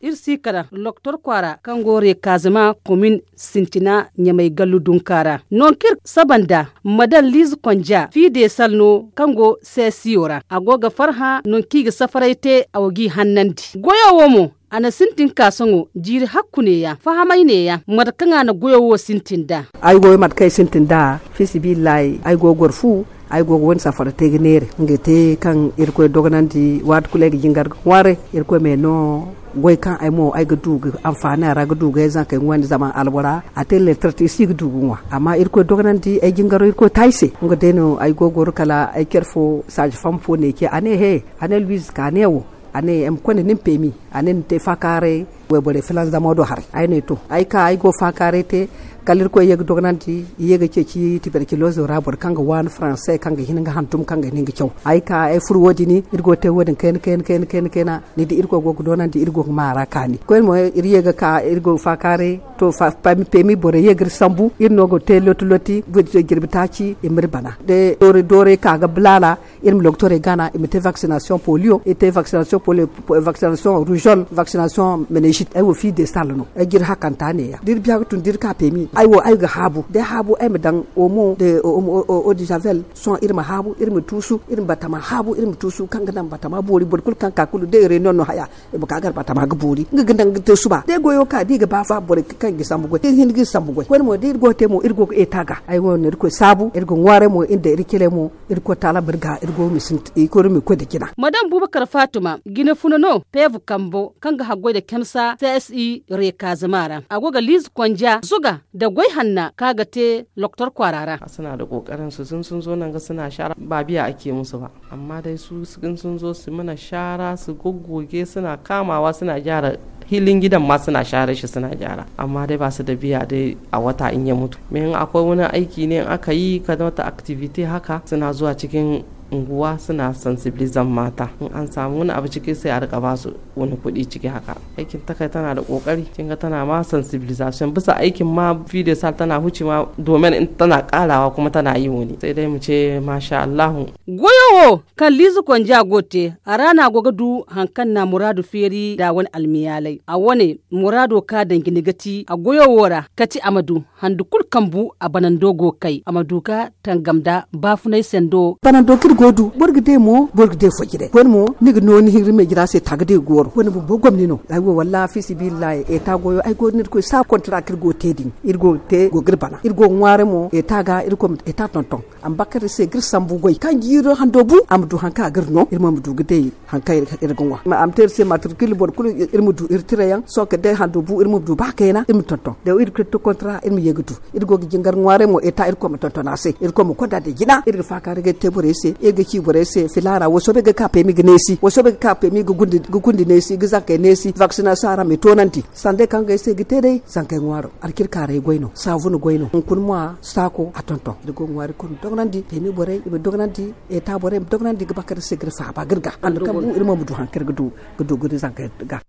irsi kada loktor kwara kan gore kazima komin sintina nyamai galu dunkara kir sabanda madan liz konja de salno kango sesiora agoga farha nonkiga safaraite awgi hannandi goyawo womo ana sintin kasango jiri hakkune ya fahamai ne ya kanga na goyowo sintin da ai goyo matkai sintin da fisibilai ai go gorfu ay gogo won safara tegnere ngete kan irko dognandi wat kulegi jingar ware irko me no goy kan ay mo ay gadugu amfana ra gadugu zan kai wani zaman albora a le trati si gadugu wa amma irko ko dogananti ay gingaro irko taise ngo deno ay gogoro kala ay kerfo saj fo ne ke ane he ane luis kanewo ane em kone nim pemi ane te fakare webole filan zamo har ay ne to ay ka ay go fakare te kalir ko yeg dognanti yega ci ci tuberculose rabor kanga wan français kanga hinga hantum kanga ninga ciow ay ka ay furwodi ni irgo te wodin ken ken ken ken kena ni di irgo gogo donanti irgo mara kani ko mo ir yega ka irgo fakare to fa pami pemi bore yegir sambu irnogo te lotu loti wodi girbitaci imir bana de dore dore kaga blala irmi loktore gana imite vaccination polio ite vaccination polio vaccination rougeole vaccination meningite ay wo fi de salno ay gir hakantane ya dir biya tun dir ka pemi aiwo ai ga habu de habu ai dan omo de o de javel son irma habu irma tusu irma batama habu irma tusu kan ga nan batama bori bori kul kanka kul de re nono haya e baka gar batama ga bori ga gandan ga tusu ba de goyo ka di ga ba fa bori kan gi sambu goy hin gi sambu goy wani mo de irgo te mo irgo e taga ai won ko sabu irgo ware mo inda irkile mo irko tala birga irgo mi sint e ko mi ko de kina madam bubakar fatuma gina funano pevu kambo kanga ga hagoy de kemsa cse re kazamara agoga liz konja zuga da da gwai hanna kaga te loktor kwarara suna da kokarin su sun sun zo nan ga suna shara ba biya ake musu ba amma dai su sun sun zo su mana shara su goggoge suna kamawa suna gyara hilin gidan ma suna share shi suna gyara amma dai ba su da biya dai a wata in ya mutu min akwai wani aiki ne aka yi ka wata activity haka suna zuwa cikin unguwa suna sensibilizan mata in an samu wani abu ciki sai a rika ba su wani kuɗi ciki haka aikin ta kai tana da kokari kinga tana ma sensibilization bisa aikin ma video sal tana huce ma domin in tana karawa kuma tana yi wani sai dai mu ce masha Allah goyowo kan lizu konja gote a rana gogadu hankan na muradu feri da wani almiyalai a wani muradu ka dangine gati a goyowora kati amadu handukul kambu a banan dogo kai amadu ka tangamda bafunai sendo banan godu borgde mo borgde fojire gon mo ni no hirme jira se tagde gor won bo gomni no ay go walla fi sibillahi e tago yo ay go nit ko sa contract go tedin irgo te go girbana irgo ngware mo e taga irko e ta tonton am bakar se gir sambu goy kan jiro hando bu am du hanka girno irmo du gde hanka irgo wa ma am ter se matricule bor kulu irmo du irtire yan so ke de hando bu irmo du bakena irmo tonton de irko to contract irmo yegutu irgo gi jingar ngware mo e ta irko tonton ase irko mo kodade jina irgo fakare ge tebore se ga ki bore se filara wo sobe ga kape mi gnesi wo sobe ga kape mi gugundi gundi nesi ga ke nesi sa ara mi tonanti sande kan ga se gite dai sanke ngwaro arkir kare goino savunu goino kun mo sako atonto de go ngwari kun dognandi pe mi bore ibe dognandi e ta bore dognandi ga bakar se gre fa ba gerga an ka bu irma budu han kergudu gudu gudu sanke ga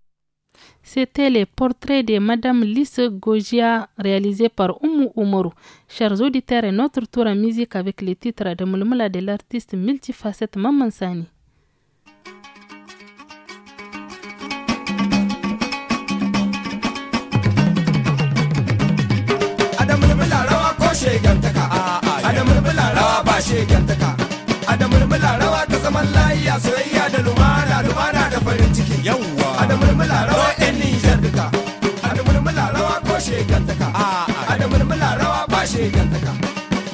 C'était les portraits de Madame Lise Gogia réalisés par Oumu Oumoru. Chers auditeurs, et notre tour en musique avec les titres de Mulmula de l'artiste multifacette Mamansani. shegantaka ada mulmula rawa ba shegantaka ada mulmula rawa ta zaman layiya soyayya da lumana lumana da farin ciki yawwa ada mulmula gantaka a da murmula rawa ba gantaka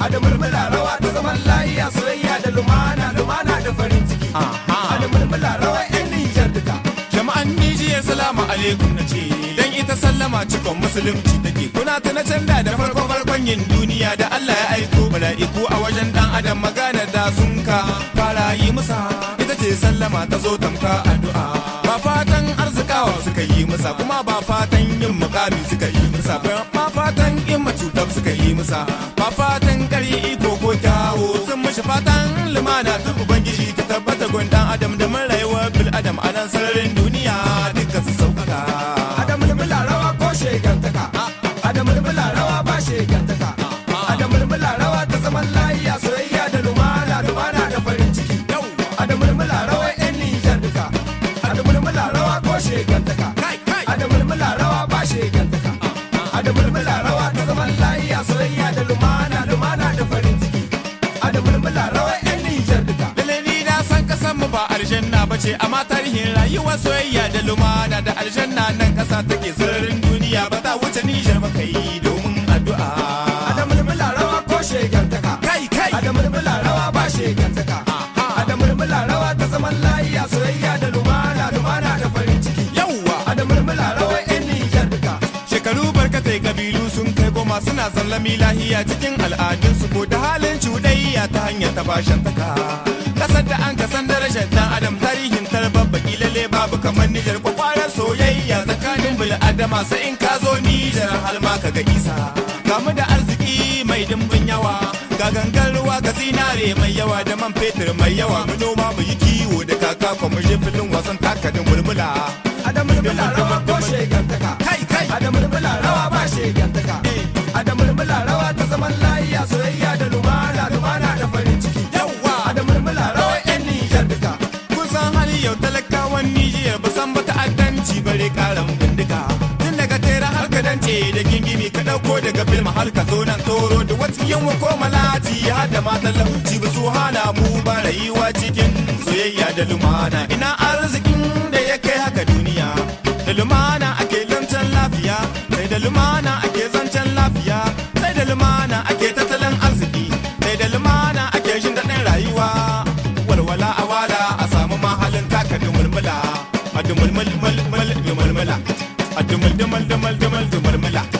a da murmula rawa ta zaman layiya soyayya da lumana lumana da farin ciki a da murmula rawa yan nijar duka jama'an nijiyar salamu alaikum na ce dan ita sallama cikon musulunci ke. kuna ta na canza da farko farkon yin duniya da Allah ya aiko mala'iku a wajen dan adam magana da sun ka fara yi musa ita ce sallama ta zo tamka addu'a ba fatan arzikawa suka yi musa kuma ba fatan yin mukami suka yi musa ba fatan in macutar suka yi musa ba fatan ƙaryi iko ko kyawo sun mashi fatan lumana ta ubangiji ta tabbata gundan adam da mun rayuwar bil adam a nan sararin duniya duka su sauka ce ma tarihin rayuwar soyayya da lumana da aljanna nan kasa take sirrin duniya ba ta wuce nijar ba kai domin addu'a a da mulmula rawa ko shegantaka kai kai a da mulmula rawa ba shegantaka a da mulmula rawa ta zaman a soyayya lami lahiya cikin al'adunsu ko da halin cuɗayya ta hanyar tafashin taka kasar da an kasan da rashin dan adam tarihin tarbar tarbabba lalle babu kamar nijar kwakwaran soyayya tsakanin bil'adama sai in ka zo nijar har ma ka ga isa kamu da arziki mai dimbin yawa ga gangan ruwa ga zinare mai yawa da man fetur mai yawa mu noma mu yi kiwo da kaka kuma filin wasan takadin mulmula adam da rawa ko shegantaka soyayya da lumana lumana da farin ciki yawa a da mulmula rawar yan nijar duka kusan hali yau talakawan nijiyar ba san ba ta'addanci bare karan bindiga tun daga tera har ka dance da gingimi ka dauko daga bilma har ka zo nan toro da wata yanwa ko malati har da matan lauci ba su hana mu ba rayuwa cikin soyayya da lumana ina arziki دمل دمل دمل ملح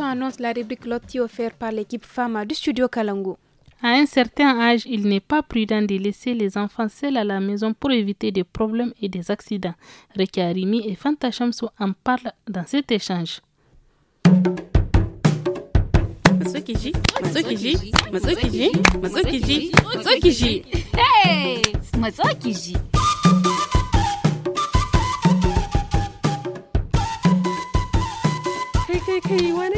annonce la rubrique Lotti offerte par l'équipe Fama du studio Kalangu. À un certain âge, il n'est pas prudent de laisser les enfants seuls à la maison pour éviter des problèmes et des accidents. Reki et Fanta Shamsou en parlent dans cet échange. Hey!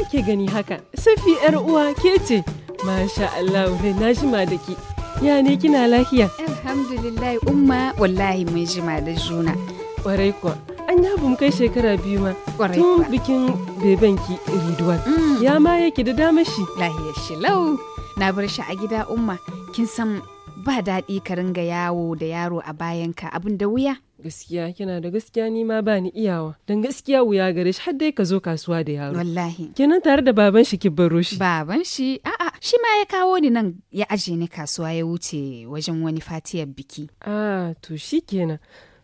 kike gani haka? Safi ‘yar uwa ke ce? Masha Allah, wai na jima da ki. Ya ne kina lafiya? Alhamdulillah, umma wallahi mun jima da juna. Kwarai kuwa, an ya mu kai shekara biyu ma. Kwarai kuwa. Tun bikin bebenki Ridwan. Mm. Ya ma yake da dama shi. Lahiyar shi lau. Na bar shi a gida umma, kin san ba daɗi ka ringa yawo da yaro a bayanka abin da wuya. gaskiya kina da gaskiya ni ma ba ni iyawa don gaskiya wuya gare shi har dai ka zo kasuwa da yaro wallahi kenan tare da baban shi ki baro shi baban shi a'a shi ma ya kawo ni nan ya aje ni kasuwa ya wuce wajen wani fatiyar biki a to shi kenan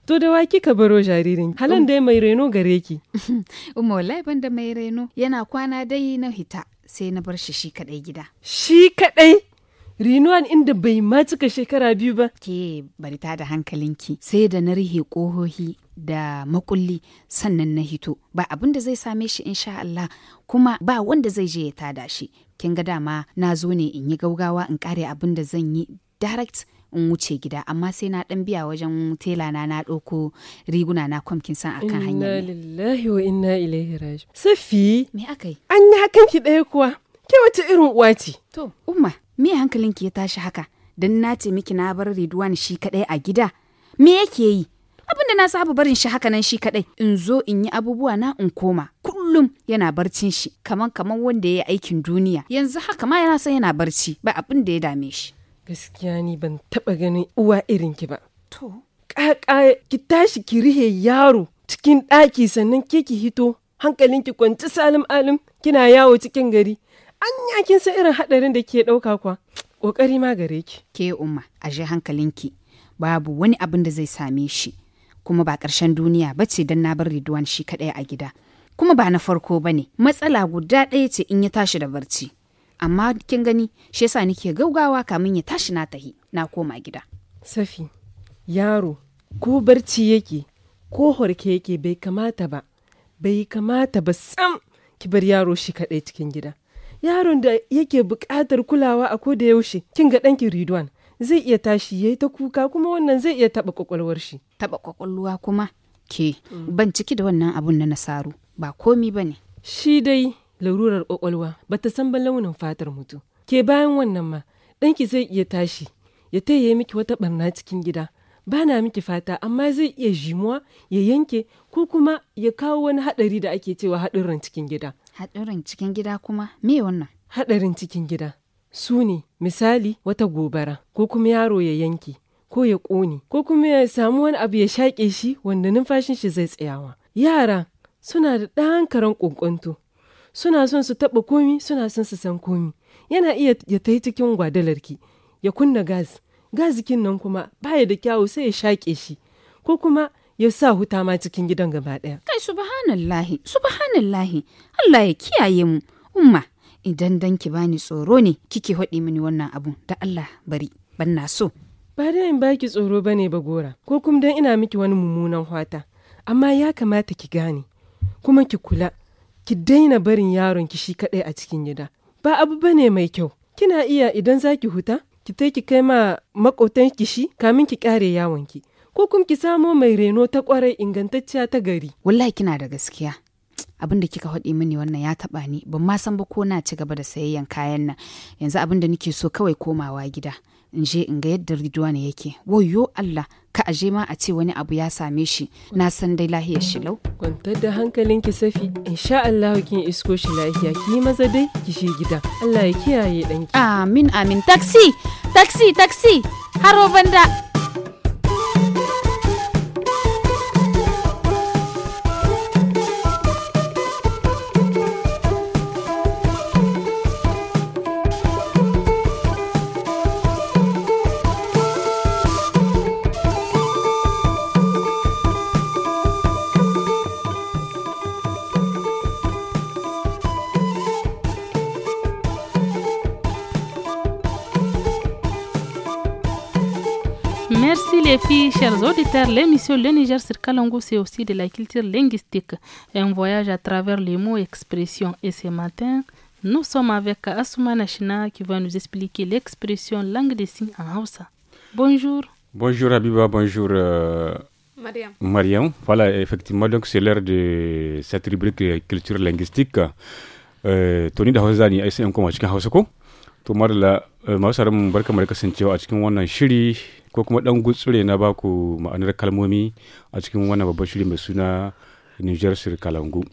To da wa kika baro jaririn halan dai mai reno gare ki. Umma wallahi ban da mai reno yana kwana dai na hita sai na bar shi shi kadai gida. Shi kadai? Rinuwan inda bai ma cika shekara biyu ba. Ke bari ta da hankalinki sai da na rihe ƙohohi da makulli sannan na hito ba abin da zai same shi insha Allah kuma ba wanda zai je ya tada shi. Kin ga dama na zo ne in yi gaugawa in kare abin da zan yi direct in wuce gida amma sai na dan biya wajen tela na na ɗauko riguna na kwamkin san akan hanyar. Inna lillahi wa inna ilaihi raji. Safi. Me aka yi? An yi hakan ki ɗaya kuwa. Ke wace irin uwa ce? To, Umma. me hankalin ki ya tashi haka don na ce miki na bar riduwan shi kaɗai a gida me yake yi abinda na saba barin shi haka nan shi kaɗai in zo in yi abubuwa na in koma kullum yana barcin shi kaman kaman wanda ya yi aikin duniya yanzu haka ma yana san yana barci ba abin da ya dame shi gaskiya ni ban taɓa ganin uwa irin ki ba to ƙaƙa ki tashi ki rihe yaro cikin ɗaki sannan ke ki hito ki kwanci salim alim kina yawo cikin gari an yakin sa irin haɗarin da ke ɗauka kwa ƙoƙari ma gare ki. Ke umma a ji hankalinki babu wani abin da zai same shi kuma ba ƙarshen duniya ba ce don na bar Ridwan shi kaɗai a gida. Kuma ba na farko bane matsala guda ɗaya ce in ya tashi da barci. Amma kin gani shi yasa nake gaugawa kamin ya tashi na tahi na koma gida. Safi yaro ko barci yake ko horke yake bai kamata ba bai kamata ba sam ki bar yaro shi kaɗai cikin gida. yaron da yake buƙatar kulawa a koda yaushe kin ga ɗanki Ridwan zai iya tashi yayi ta kuka kuma wannan zai iya taɓa kwakwalwar shi taɓa kwakwalwa kuma ke ban ciki da wannan abun na nasaru ba komi ba ne. shi dai larurar kwakwalwa bata san ba launin fatar mutu ke bayan wannan ma ɗanki zai iya tashi ya taye miki wata barna cikin gida ba na miki fata amma zai iya jimuwa ya yanke ko kuma ya kawo wani haɗari da ake cewa haɗurran cikin gida Haɗarin cikin gida kuma me wannan? Haɗarin cikin gida su ne misali wata gobara ko kuma yaro ya yanke ko ya ƙone ko kuma ya samu wani abu ya shaƙe shi wanda numfashin shi zai tsayawa. Yara suna da ɗan karan ƙunƙunto suna son su taɓa komi suna son su san komi yana iya ya ta cikin gwadalarki ya kunna gas gazikin nan kuma baya da kyawu sai ya shaƙe shi ko kuma ya sa huta ma cikin gidan gaba ɗaya. Kai subhanallahi, subhanallahi, Allah ya kiyaye mu, umma, idan danki ki bani tsoro ne kike haɗi mini wannan abu da Allah bari, ban na so. Ba da in baki tsoro ba ne bagora, ko kuma dan ina miki wani mummunan hwata, amma ya kamata ki gane, kuma ki kula, ki daina barin yaron ki shi kaɗai a cikin gida. Ba abu ba ne mai kyau, kina iya idan zaki huta, ki tai ki kai ma makotan ki shi kamin ki ƙare yawon ki. ko kuma ki samo mai reno ta kwarai ingantacciya ta gari. Wallahi kina da gaskiya. abin da kika haɗi mini wannan ya taɓa ni ban ma san ba ko na ci gaba da sayayyan kayan nan yanzu abin da nake so kawai komawa gida in je in ga yadda ridwana yake wayo Allah ka aje ma a ce wani abu ya same shi na san dai lahiyar shi lau kwantar da hankalin ki safi insha Allah kin isko shi lafiya ki yi maza dai ki shi gida Allah ya kiyaye ɗanki. amin amin taxi taxi taxi haro banda les filles, chers auditeurs, l'émission Le Niger sur Kalongo, c'est aussi de la culture linguistique, un voyage à travers les mots et expressions. Et ce matin, nous sommes avec Asuma Nashina qui va nous expliquer l'expression langue des signes en Hausa. Bonjour. Bonjour Abiba, bonjour euh, Mariam. Mariam. Voilà, effectivement, donc c'est l'heure de cette rubrique culture linguistique. Euh, Tony Dahosani, Hausa ne un commentaire Hausa ko? To Marla, masu mu barkamu da kasancewa a ko kuma ɗan gutsure na baku ma'anar kalmomi a cikin wannan babban shiri mai suna Niger Sir Kalangu.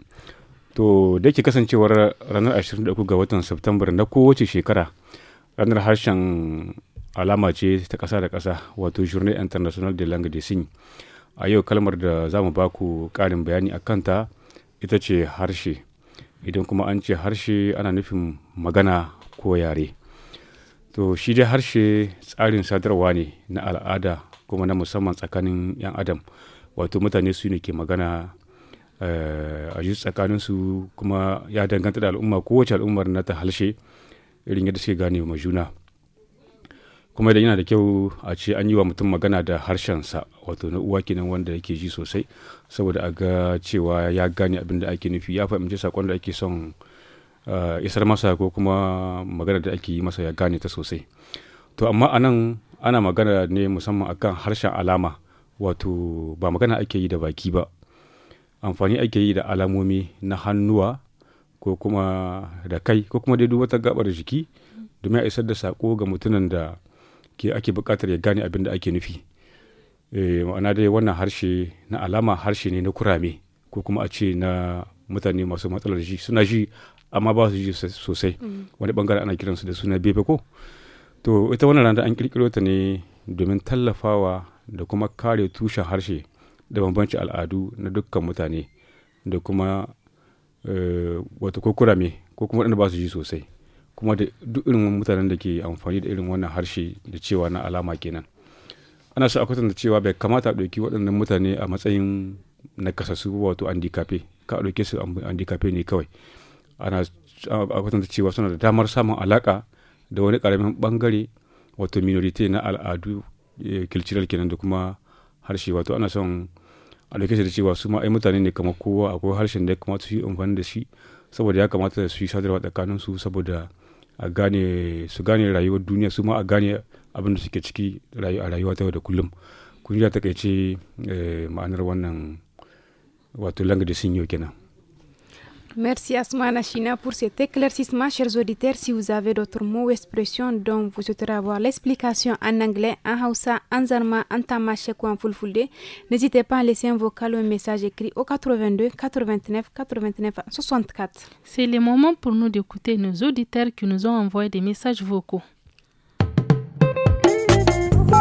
To da ke kasancewar ranar 23 ga watan Septembar na kowace shekara ranar harshen alama ce ta ƙasa da ƙasa wato Journée International de Langue des Signes. A yau kalmar da za mu baku ƙarin bayani a kanta ita ce harshe. Idan kuma an ce harshe ana nufin magana ko yare. to shi dai harshe tsarin sadarwa ne na al'ada kuma na musamman tsakanin 'yan adam wato mutane su ne ke magana eh, a yi tsakanin su kuma ya danganta da al'umma kowace al'ummar na ta harshe irin yadda suke gane ma juna kuma da yana da kyau a ce an yi wa mutum magana da harshen sa wato na uwa kenan wanda yake ji sosai saboda a ga cewa ya gane abin da ake nufi ya fahimci sakon da ake son Eh, isar masa ko kuma magana da ake yi masa ya gane ta sosai to amma anan ana magana ne musamman akan harshen alama wato ba magana ake yi da baki ba amfani ake yi da alamomi na hannuwa ko kuma da kai ko kuma dai wata gabar jiki domin a isar da sako ga mutumin da ke ake bukatar ya gane abin da ake nufi eh, ma'ana dai wannan harshe na alama harshe ne na kurame ko kuma a ce na mutane masu matsalar ji suna ji amma ba su ji sosai mm. wani bangare ana kiransu da suna bebe ko to ita wannan rana an kirkiro ta ne domin tallafawa da kuma kare tushen harshe da bambanci al'adu na dukkan mutane da kuma eh, wata ko kurame ko kuma waɗanda ba su ji sosai kuma da duk irin mutanen da ke amfani da irin wannan harshe da cewa na alama kenan ana sa akwatan da cewa bai kamata a ɗauki waɗannan mutane a matsayin nakasassu wato andikafe ka a ɗauke su andikafe ne kawai ana kwatanta cewa suna da damar samun alaka da wani karamin bangare wato minorite na al'adu eh, cultural kenan da kuma harshe wato ana son a da da cewa su ma ai mutane ne kamar kowa akwai harshen da ya kamata su yi amfani da shi saboda ya kamata su yi sadarwa tsakanin su saboda a gane su gane rayuwar duniya su ma a gane abin da suke ciki a rayuwa ta yau da kullum kun ji ta eh, ma'anar wannan wato langa da sinyo kenan Merci Asmana China pour cet éclaircissement, chers auditeurs. Si vous avez d'autres mots ou expressions dont vous souhaiterez avoir l'explication en anglais, en hausa, en zarma, en ou en fulfulde, n'hésitez pas à laisser un vocal ou un message écrit au 82 89 89 64. C'est le moment pour nous d'écouter nos auditeurs qui nous ont envoyé des messages vocaux.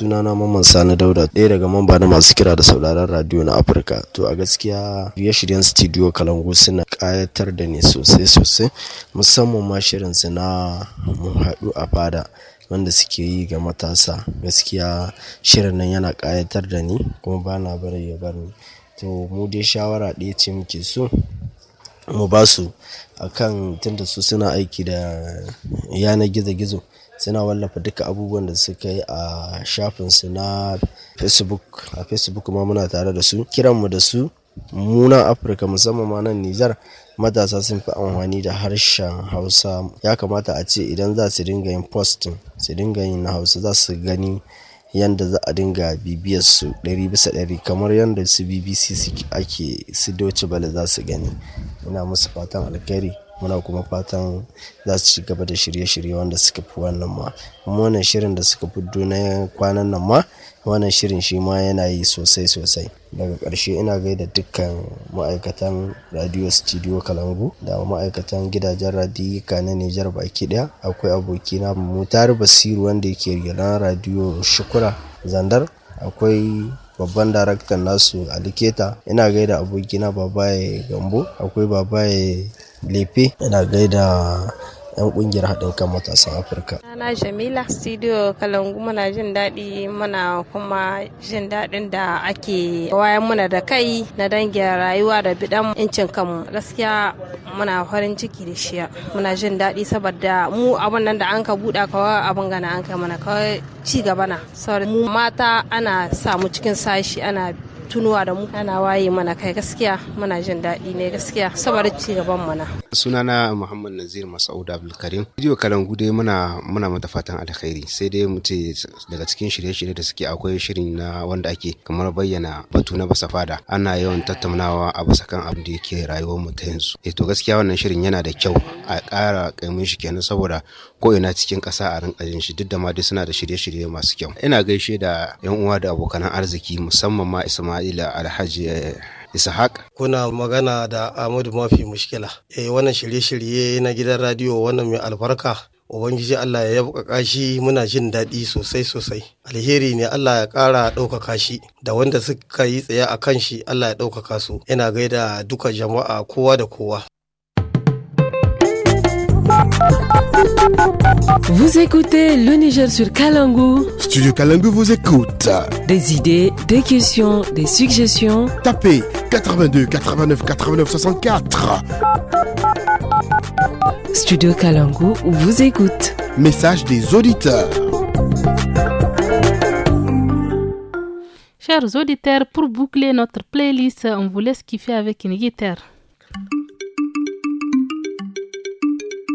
suna na Mamman Sani Dauda, ɗaya daga mamba na masu kira da sauraron radio na Afirka. To a gaskiya shirye-shiryen Studio Kalangu suna ƙayatar da ni sosai-sosai, musamman ma shirin su na mu haɗu a fada. wanda suke yi ga matasa gaskiya shirin nan yana ƙayatar da ni kuma ba na bari ya bar ni to mu dai shawara ɗaya ce muke so mu ba su akan tunda su suna aiki da yanar gizo-gizo Suna wallafa duka abubuwan da suka yi a shafin su na Facebook. A Facebook ma muna tare da su. Kiranmu da su mu Afirka musamman ma nan Nijar matasa sun fi amfani da harshen Hausa. Ya kamata a ce idan za su dinga yin postin su dinga yin Hausa za su gani yanda za a dinga bibiyar su ɗari bisa ɗari kamar yanda su BBC ake su doci bala za su gani. Ina musu fatan alkhairi. Muna kuma fatan za su ci gaba da shirye-shirye wanda suka fi wannan ma. Kuma wannan shirin da suka fi na kwanan nan ma, wannan shirin shi ma yana yi sosai sosai. Daga karshe ina gaida dukkan ma'aikatan radio Studio Kalangu da ma'aikatan gidajen radiyyika na Nijar baki daya Akwai abokina Mutari Basiru wanda yake gidan Radiyo Shukura Zandar. Akwai. babban daraktan nasu a liketa ina gaida abokina Babaye Gambo akwai Babaye Lefe ina gaida 'yan kungiyar haɗin kan matasan afirka na jamila studio kalangu muna jin daɗi muna kuma jin daɗin da ake wayan muna da kai na dangin rayuwa da bidan incin kanmu gaskiya muna farin ciki da shiya muna jin daɗi saboda mu abin nan da an ka buɗa kawai abin gana an kai mana kawai ci gaba na mata ana samu cikin sashi ana tunuwa da mu ana waye mana kai gaskiya muna jin daɗi ne gaskiya saboda ci gaban mana sunana muhammad nazir masaud abdulkarim video kalangu gude muna muna mata fatan alkhairi sai dai mu ce daga cikin shirye-shirye da suke akwai shirin na wanda ake kamar bayyana batu na basa fada ana yawan tattaunawa a basa kan abin da yake rayuwar mu ta yanzu eh to gaskiya wannan shirin yana da kyau a ƙara kaimun shi kenan saboda ko ina cikin ƙasa a rinka jin shi duk da ma dai suna da shirye-shirye masu kyau ina gaishe da yan uwa da abokan arziki musamman ma isma Ismaila Alhaji eh, Ishaq. Kuna magana da Ahmadu Mafi Mushkila. Eh wannan shirye-shirye na gidan radiyo wannan mai albarka. Ubangiji Allah ya yabuka shi muna jin daɗi sosai sosai. Alheri ne Allah ya ƙara ɗaukaka shi da wanda suka yi tsaye a kan shi Allah ya ɗaukaka su. Ina gaida duka jama'a kowa da kowa. Vous écoutez le Niger sur Kalangu. Studio Kalangu vous écoute. Des idées, des questions, des suggestions. Tapez 82 89 89 64. Studio Kalangu vous écoute. Message des auditeurs. Chers auditeurs, pour boucler notre playlist, on vous laisse kiffer avec une guitare.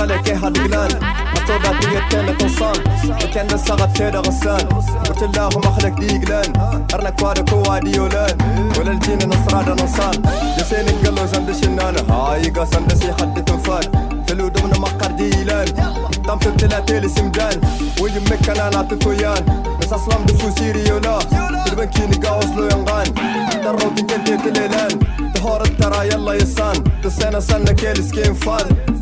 غلك ايه هالقلان مكتوبة بيتين تنصان وكان نسغة بشيدة غسان قلت اللهم اخلك دي قلان ارنك وارك هو دي ولا الجين نصرادة نصان جسيني قلو زند شنانة هاي قاسم دسي حد تنفات تلو دمنا مقر ديلان دم في التلاتي لسمدان ويمك كان انا تكويان ناس اصلا دفو سيريولا تلبنكيني قاوص لو ينغان تروتي كنتي تليلان تهور الترى يلا يسان تسينا سنة كيل سكين فان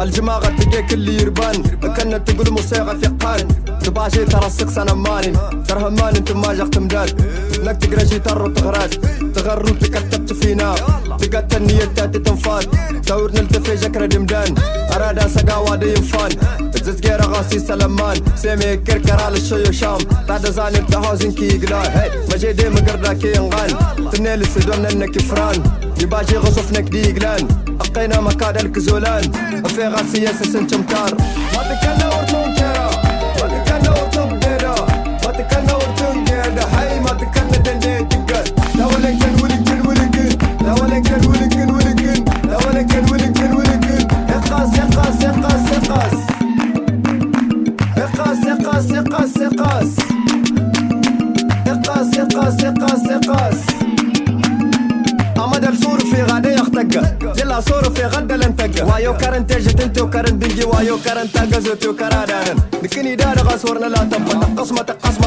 الجماعة تجيك اللي يربان كنا تقول موسيقى في قارن باشي ترى السقس انا مالي ترى مالي انتم ما جاك تمداد انك تقرا شي تر وتغراز تغر وتكتبت فينا تقات النية تاتي تنفاد دور نلتفي جكرا دمدان ارادا سقا وادي ينفان غير غاسي سلمان سيمي كركرا للشي وشام بعد زاني بتهوزن كي يقلال مجي دي مقردا كي ينغان تنيل السدون انك فران يباجي غصفنا دي يقلان اقينا مكاد الكزولان في غاسي ياسس انتمتار ما تكلم وايو كرن دنجي وايو كرن تاقزو تيو كرادان لكني دار غصورنا لا تبقى قسمة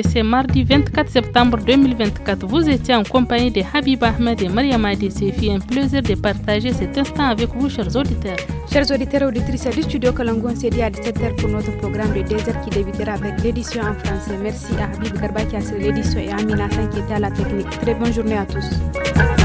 de ce mardi 24 septembre 2024. Vous étiez en compagnie de Habib Ahmed et Maria Madi. C'est un plaisir de partager cet instant avec vous, chers auditeurs. Chers auditeurs et auditrices du studio Kalangon, c'est dit à 17h pour notre programme de désert qui débutera avec l'édition en français. Merci à Habib Garba qui a l'édition et à Amina qui était à la technique. Très bonne journée à tous.